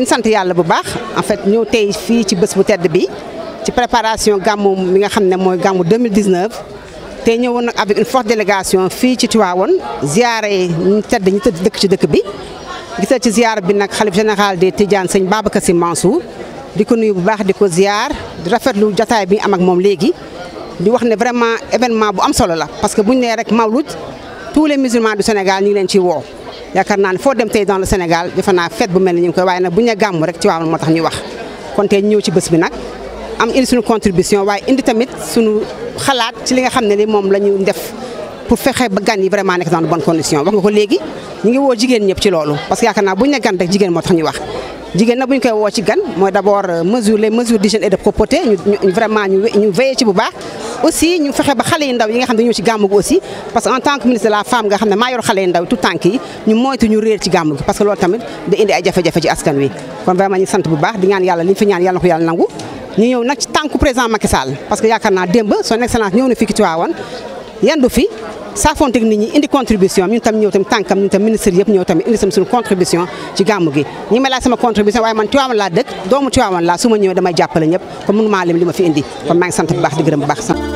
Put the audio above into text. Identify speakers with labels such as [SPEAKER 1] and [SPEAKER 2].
[SPEAKER 1] une sant yàlla bu baax en fait ñëw tey fii ci bés bu tedd bi ci préparation gàmmu mi nga xam ne mooy gàmmu 2019 te ñëwoon nag avec une forte délégation fii ci Tivaouane ziare ñu tedd ñu tëdd dëkk ci dëkk bi gisal ci ziar bi nag xalif général des Tidiane sëñ Babacar Sy Mansour di ko nuyu bu baax di ko ziar di rafetlu jotaay bi am ak moom léegi di wax ne vraiment événement bu am solo la parce que bu ñu nee rek Mawlud tous les musulmans du Sénégal ñu ngi leen yaakaar naa ne foo dem tey dans le Sénégal defe naa fête bu mel ni ñu ngi koy waaye nag bu ñu gàmm rek ci waaw moo tax ñu wax kon tey ñëw ci bés bi nag am indi suñu contribution waaye indi tamit suñu xalaat ci li nga xam ne ni moom la ñu def pour fexe ba gan yi vraiment nekk dans de bonnes conditions wax nga ko léegi ñu ngi woo jigéen ñëpp ci loolu parce que yaakaar naa bu ñu ne gan rek jigéen moo tax ñu wax jigéen nag bu ñu koy woo ci gan mooy d'abord mesure les mesures d'hygiène et de propreté ñu vraiment ñu veillé ci bu baax aussi ñu fexe ba xale yu ndaw yi nga xam ne ñëw ci gàmmu gi parce que en tant ministre la femme nga xam ne maa yor xale yu ndaw tout tànk yi ñu moytu ñu réer ci gàmmu gi ñu may laaj sama contribution waaye man Tivaouane laa dëkk doomu Tivaouane laa su ñëwee damay jàppale ñëpp kon mënu maa lim li fi indi kon maa ngi sant bu baax di bu baax